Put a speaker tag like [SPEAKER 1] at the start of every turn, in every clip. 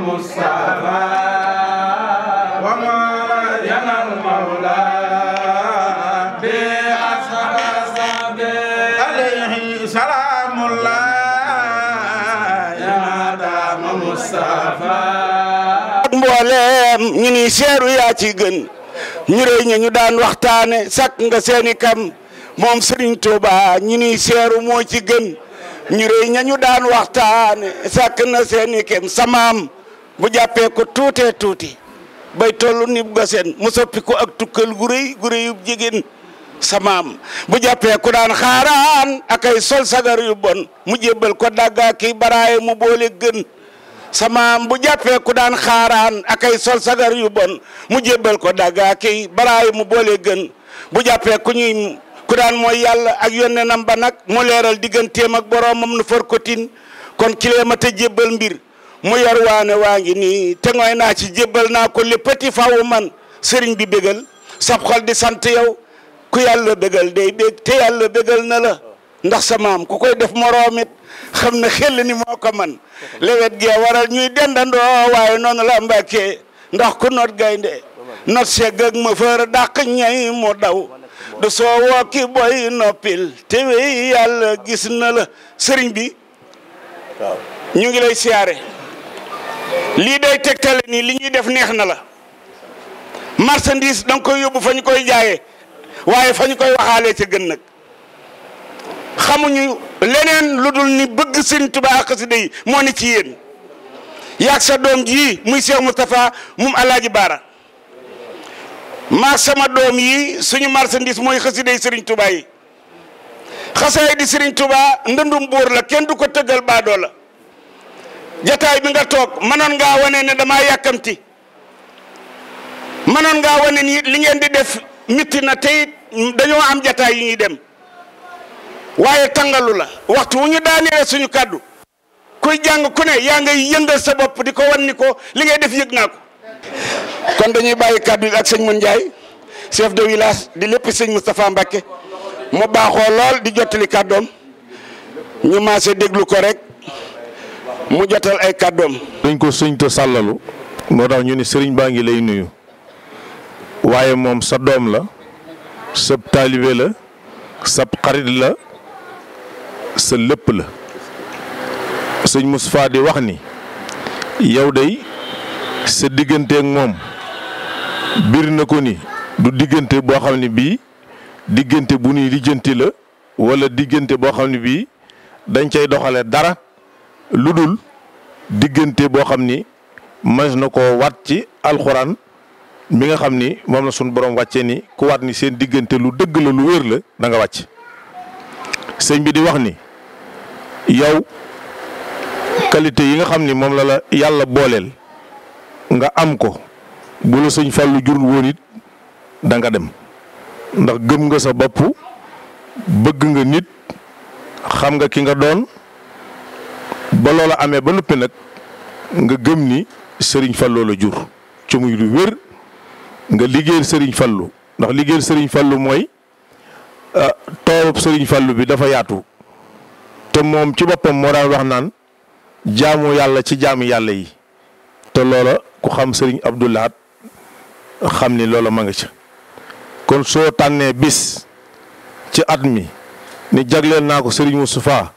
[SPEAKER 1] المصطفى ومرجنا المولى بأصحاب صحبه seeru yaa gën ñu rëy ña daan waxtaane sakk nga seeni kam moom Serigne Touba ñu ni seeru moo ci gën ñu rëy ña ñu daan waxtaane sakk seeni kam samaam bu jàppee ko tuutee tuuti bay toll ni gaseen mu soppi ko ak tukkal gu rëy gu rëy yu jigéen samaam bu jàppee ku daan xaaraan akay sol sagar yu bon mu jébbal ko dagga ki baraaye mu gën samaam bu jàppee ku daan xaaraan akay sol sagar yu bon mu jébbal ko dagga ki baraaye mu boolee gën bu jàppee ku ñuy ku daan mooy yàlla ak yónneenam ba nag mu leeral digganteem ak boromam nu forkotin kon kilee ma te jébbal mbir mu yar waane waa ngi nii te ngooy naa ci jébbal naa ko léppati fawu man sëriñ bi bégal sab xol di sant yow ku yàlla bégal day bég te yàlla bégal na la ndax sa maam ku koy def moroomit xam na xel ni moo ko man lewet gee waral ñuy dendandoo waaye noonu la mbàkkee ndax ku noot gaynde not segg ak ma fër dàq ñay mu daw du soo wokki boy noppil te wey yàlla gis na la sëriñ bi ñu ngi lay siyaare lii day tegtale nii li ñuy def neex na la marchandise danga koy yóbbu fa ñu koy jaaye waaye fa ñu koy waxaalee ca gën nag xamuñu leneen lu dul ni bëgg sëñ Tuubaa xasida yi moo ni ci muy Cheikh Moustapha mum Alaaji Baara maa sama doom yi suñu marchandise mooy xasida yi sëriñ Tuubaa yi xasaay di sëriñ Tuubaa ndëndum buur la kenn du ko tëggal baadoo la jataay bi nga toog mënoon ngaa wane ne damaa yàkkamti mënoon ngaa wane ni li ngeen di def mitti na tey dañoo am jataay yi dem waaye tàngalu la waxtu wu ñu daanee suñu kàddu kuy jàng ku ne yaa nga yëngal sa bopp di ko wan ni ko li ngay def yëg naa ko. kon dañuy bàyyi kàddu yi ak sëñ Mun Njaay chef de village di lépp sëñ Moustapha Mbacké mu baaxoo lool di jottali kàddoom ñu maase
[SPEAKER 2] déglu ko rek. mu jotal ay kàddoom. dañ ko sëñ te sàllalu moo tax ñu ni sëriñ baa ngi lay nuyu waaye moom sa doom la sab taalibe la sab xarit la sa lépp la sëñ Moustapha di wax ni yow day sa digganteek moom bir na ko ni du diggante boo xam ne bii diggante bu nuy lijjanti la walla diggante boo xam ne bii dañ cay doxale dara lu dul diggante boo xam ni mas na ko waat ci alxuraan mi nga xam ni moom la suñu borom wàcce ni ku waat ni seen diggante lu dëgg la lu wér la danga wàcc sëñ bi di wax ni yow qualité yi nga xam ni moom la la yàlla booleel nga am ko bu la sëñ Fallou jurul woon it da dem ndax gëm nga sa bopp bëgg nga nit xam nga ki nga doon. ba loola amee ba noppi nag nga gëm ni sëriñ Fallou la jur ci muy lu wér nga liggéeyal sëriñ Fallou ndax liggéeyal sëriñ Fallou mooy euh, toobab sëriñ Fallou bi dafa yaatu te moom ci boppam moo daan wax naan jaamu yàlla ci jaamu yàlla yi te loola ku xam sëriñ Abdoulaat xam ni loola ma nga ca kon soo tànnee bis ci at mi ni jagleel naa ko sëriñ Moustapha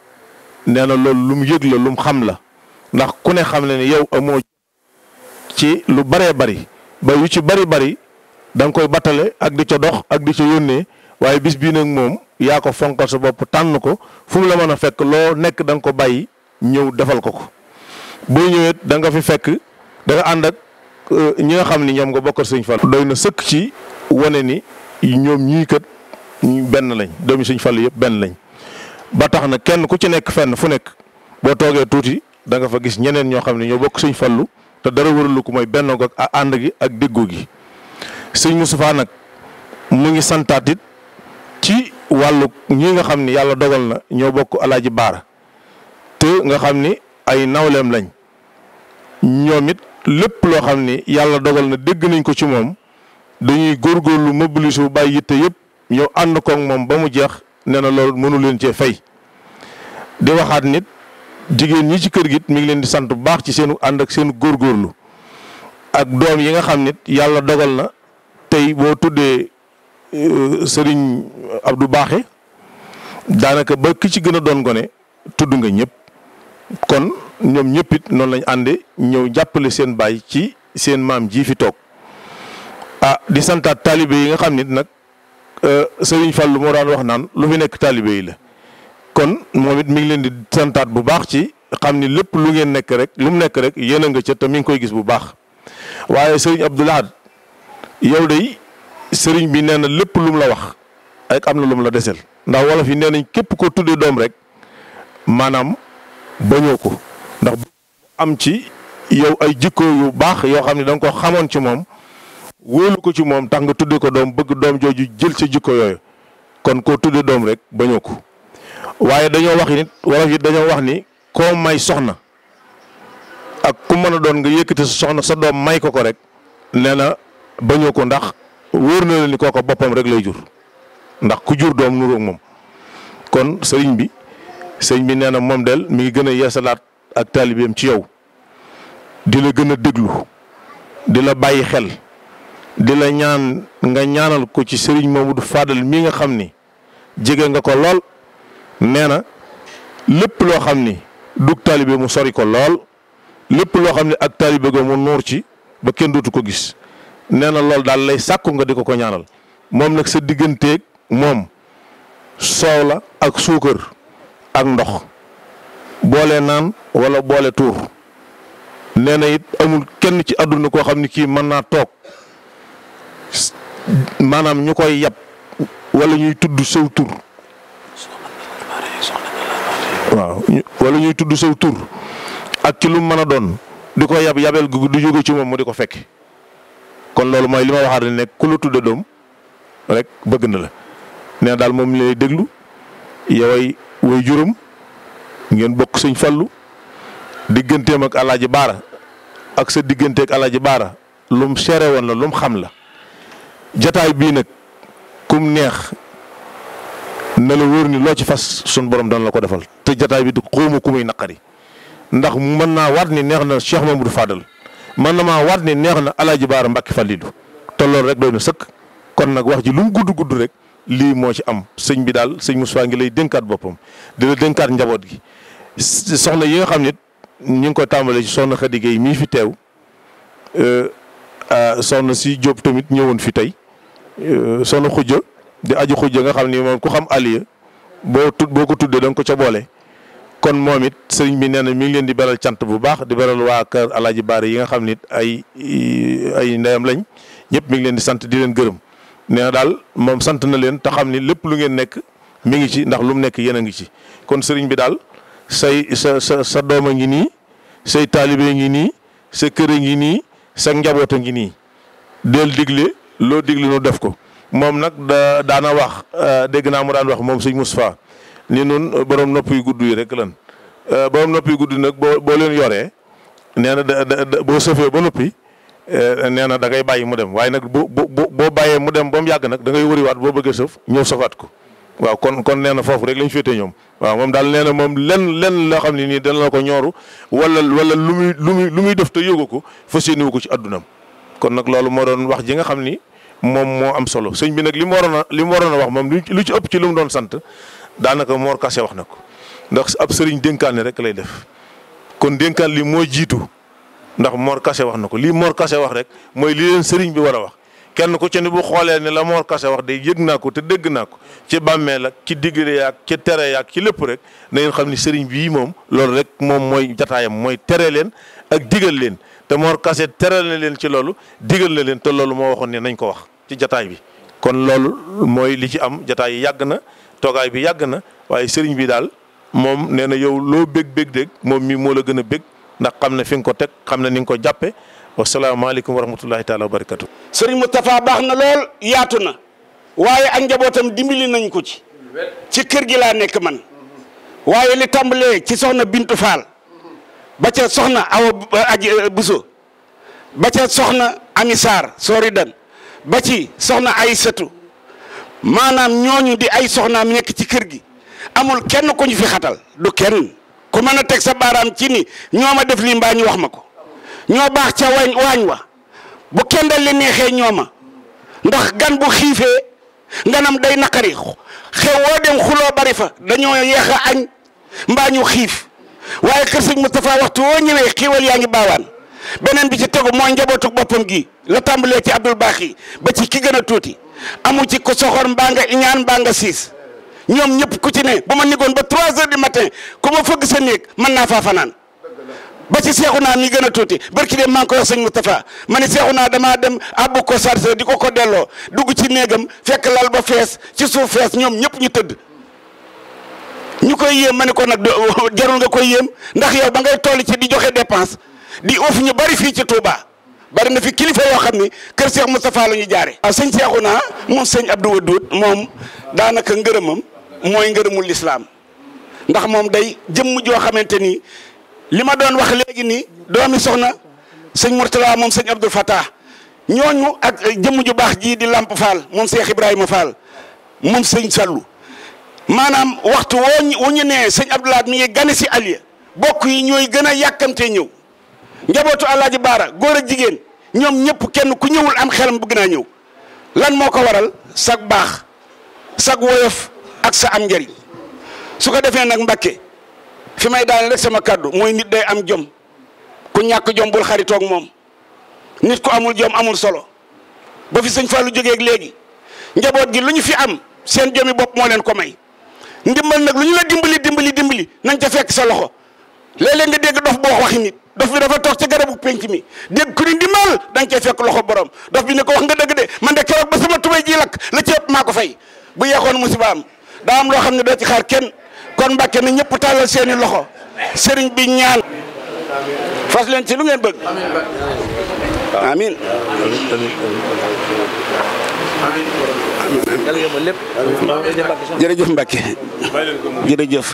[SPEAKER 2] nee na loolu lu mu yëg la lu mu xam la ndax ku ne xam ne ne yow moo ci lu bëree bari ba yu ci bari bari da nga koy battale ak di ca dox ak di ca yónnee waaye bis bii nag moom yaa ko fonkal sa bopp tànn ko fu mu la mën a fekk loo nekk da nga ko bàyyi ñëw defal ko ko boo ñëwee danga fi fekk da nga ànd ak euh, ñi nga xam ni ñoom nga bokkal sëñ Fall. doy na sëkk ci wane ni ñoom ñii kat benn lañ doom doomi suñ fal yëpp benn lañ. ba tax na kenn ku ci nekk fenn fu nekk boo toogee tuuti da nga fa gis ñeneen ñoo xam ne ñoo bokk suñ fallu te dara waralu ko mooy benn goog ak ànd gi ak déggoo gi sëñ Moustapha nag mu ngi santaatit ci wàllu ñi nga xam ni yàlla dogal na ñoo bokk alaaji baara te nga xam ni ay nawleem lañ ñoom it lépp loo xam ni yàlla dogal na dégg nañ ko ci moom dañuy góor góorgóorlu mobiliser bu bàyyi yitte yëpp ñëw ànd koog moom ba mu jeex nee na loolu mënu leen cee fay di waxaat nit jigéen ñi ci kër gi mi ngi leen di sant bu baax ci seenu ànd ak seenu góorgóorlu ak doom yi nga xam nit yàlla dogal na tey boo tuddee euh, sëriñ Abdou Baaxe daanaka ba ki ci gën a doon gone tudd nga ñëpp kon ñoom ñëpp it noonu lañ ànde ñëw jàppale seen baay ci seen maam ji fi toog ah di santaat taalibe yi nga xam nit nag Euh, sëriñ lu moo daan wax naan lu fi nekk taalibe yi la kon moom it mi ngi leen di santaat bu baax ci xam ni lépp lu ngeen nekk rek lu mu nekk rek yéen nga ca te mi ngi koy gis bu baax waaye sëriñ Abdou Lahad yow day sëriñ bi nee na lépp lu mu la wax ak am na lu mu la desel ndax wolof yi nee nañ képp ko tuddee doom rek maanaam bañoo ko ndax am ci yow ay jikko yu baax yoo xam ne da ko xamoon ci moom wóolu ko ci moom tax nga tudde ko doom bëgg doom jooju jël ca jikko yooyu kon koo tudde doom rek bañoo ko waaye dañoo wax nit wala yi dañoo wax ni koo may soxna ak ku mën a doon nga yëkkati sa soxna sa doom may ko ko rek nee na bañoo ko ndax wóor na la ni ko boppam rek lay jur ndax ku jur doom nuróog moom kon sëriñ bi sëriñ bi nee na moom del mi ngi gën a yeesalaat ak taalibeem ci yow di la gën a déglu di la bàyyi xel di la ñaan nga ñaanal ko ci sëriñ du faadal mi nga xam ni jege nga ko lool nee na lépp loo xam ni dug taalibe mu sori ko lool lépp loo xam ni ak taalibe go mu nuur ci ba kenn dootu ko gis nee na lool daal lay sàkku nga di ko ko ñaanal moom nag sa digganteeg moom soow la ak suukar ak ndox boole naan walla boole tuur nee na it amul kenn ci àdduna koo xam ni kii mën naa toog maanaam ñu koy yab walla ñuy tudd saw tur waaw wala ñuy tudd saw tur ak ki lu mën a doon di koy yab yabel gu du jóge ci moom mu di ko fekk kon loolu mooy li ma waxaat ne ku la tudde doom rek bëgg na la nee daal moom lay déglu yoway way juróom ngeen bokk sëñ fallu digganteem ak alaaji baara ak sa digganteeg alaaji baara lum seere woon la lum xam la jataay bii nag kum neex na la wóor ni loo ci fas sun borom dana la ko defal te jataay bi du xóoma ku muy naqari ndax mën naa waat ni neex na Cheikh Mamadou Fadal man na maa waat ni neex na Alaaji Baara Mbàkke Falidu te loolu rek doo na sëkk kon nag wax ji lu mu gudd gudd rek lii moo ci am sëñ bi daal sëñ Moussa ngi lay dénkaat boppam di la dénkaat njaboot gi soxna yi nga xam nit ñu ngi ko tàmbalee ci soxna Khady Gueye mii fi teew euh, ah, soxna si Diop tamit ñëwoon fi tey Euh, sonu xujja di aju xujja nga xam ni moom ku xam aliya boo tu boo ko tuddee da ko ca boole. kon moom it sëriñ bi nee na mi ngi leen di beral cant bu baax di beral waa kër alaaji baare yi nga xam ni ay ay ndeyam lañ ñëpp mi ngi leen di sant di leen gërëm nee daal moom sant na leen te xam ni lépp lu ngeen nekk mi ngi ci ndax lu mu nekk yéen a ngi ci. kon sëriñ bi daal say sa sa sa a ngi nii say taalibe ngi nii sa kër a ngi nii sa njaboot a ngi nii del loo digli nu def ko moom nag da daana wax euh, dégg naa mu daan wax moom sëñ Moustapha ni nun borom nopp yu gudd yi rek lan euh, borom nopp yu nag boo boo leen yoree nee na da boo sëfee ba noppi euh, nee na da ngay bàyyi mu dem waaye nag bu bu boo bàyyee mu dem ba mu yàgg nag da ngay wëriwaat boo bëggee sëf ñëw safaat ko waaw kon kon nee na foofu rek lañ féetee ñoom waaw moom daal nee na moom lenn lenn loo xam ne nii dana la ko ñooru wala wala lu muy lu muy lu muy def te yógu ko fas yéene ko ci addunam kon nag loolu moo doon wax ji nga xam ni moom moo am solo sëñ bi nag li mu waroon a li mu waroon a wax moom lu ci ëpp ci lu mu doon sant daanaka moor kase wax na ko ndax ab sëriñ dénkaane rek lay def kon dénkaan li moo jiitu ndax moor kase wax na ko lii moor kase wax rek mooy li leen sëriñ bi war a wax kenn ku ci ne bu xoolee ne la Mor kase wax de yëg naa ko te dégg naa ko ci bàmmeel ak ci digg yaak ci tere yaak ci lépp rek na ngeen xam ni sëriñ bii moom loolu rek moom mooy jataayam mooy tere leen ak digal leen te Mor Kassé tere leen ci loolu digal na leen te loolu moo waxoon ne nañ ko wax. ci jataay bi kon loolu mooy li ci am jataay yàgg na toogaay bi yàgg na waaye sëriñ bi daal moom nee na yow loo bég bég dég moom mii moo la gën a bég ndax xam ne fi nga ko teg xam ne ni nga ko jàppe wasalaamaaleykum wa rahmatullahi taala wa barakatu
[SPEAKER 1] sëriñ Moustapha baax na
[SPEAKER 2] lool yaatu na waaye ak njabootam
[SPEAKER 1] dimbali nañ ko ci ci kër gi laa nekk man waaye li tàmbalee ci soxna Bintu Faal ba ca soxna Awa Buso ba ca soxna Ami Saar Sori Dan ba ci soxna ay Aysatu maanaam ñooñu di ay soxnaam nekk ci kër gi amul kenn ku ñu fi xatal du kenn ku mën a teg sa baaraam ci ni ñoo ma def lii mbaa ñu wax ma ko ñoo baax ca waañ waañ wa bu kenn dal li neexee ñoo ma ndax gan bu xiifee nganam day naqari xew woo dem xuloo bari fa dañoo yeex añ mbaa ñu xiif waaye kër sëñ Moustapha waxtu woo ñëwee xiiwal yaa ngi baawaan beneen bi ci tegu mooy njabootu boppam gi la tàmbalee ci Abdul Baaxi ba ci ki gën a tuuti amu ci ko soxor mbaa nga iñaan mbaa nga siis ñoom ñëpp ku ci ne bu ma nigoon ba trois heures du matin ku ma fëgg sa néeg mën naa faa fanaan ba ci seexu naa mi gën a tuuti barki dem maa ngi koy wax sëñ Moustapha ma seexu naa damaa dem abbu ko chargé di ko ko delloo dugg ci néegam fekk lal ba fees ci suuf fees ñoom ñëpp ñu tëdd ñu koy yéem ma ne ko nag jarul nga koy yéem ndax yow ba ngay toll ci di joxe dépense di uuf bari fii ci Touba. bari na fi kilifa yoo xam ni kër Cheikh Moustapha la ñu jaare ah sëñ naa moom sëñ Abdou Wadoud moom daanaka ngërëmam mooy ngërëmu lislaam ndax moom day jëmm joo xamante ni li ma doon wax léegi nii doomi soxna sëñ Mourtala moom sëñ Abdou Fatah ñooñu ak jëmm ju baax jii di Lamp Fall moom Ibrahima Fall moom sëñ Sallou maanaam waxtu woo wu ñu nee sëñ Abdoulaye mi ngi gane si Aliya bokk yi ñooy gën a yàkkamtee ñëw. njabootu alaaji baara góor ak jigéen ñoom ñëpp kenn ku ñëwul am xelam bugg naa ñëw lan moo ko waral sag baax sag woyof ak sa am njariñ su ko defee nag mbakke fi may daane rek sama kàddu mooy nit day am jom ku ñàkk jom bul moom nit ku amul jom amul solo ba fi sëñ Fallou jógeek léegi njaboot gi lu ñu fi am seen jomi bopp moo leen ko may ndimbal nag lu ñu la dimbali dimbali dimbali nañ ca fekk sa loxo léeg nga dégg dof boo waxi nit dof bi dafa toog ci garabu penc mi dégg ku ni ndimbal da nga cay fekk loxo borom dof bi ne ko wax nga dëgg de man de keroog ba sama tubay ji lakk la ceeb maa ko fay bu yeexoon musiba am daa am loo xam ne doo ci xaar kenn kon mbàkke na ñëpp tàllal seen i loxo sëriñ bi ñaan fas leen ci lu ngeen bëgg amin jërëjëf Mbacke jërëjëf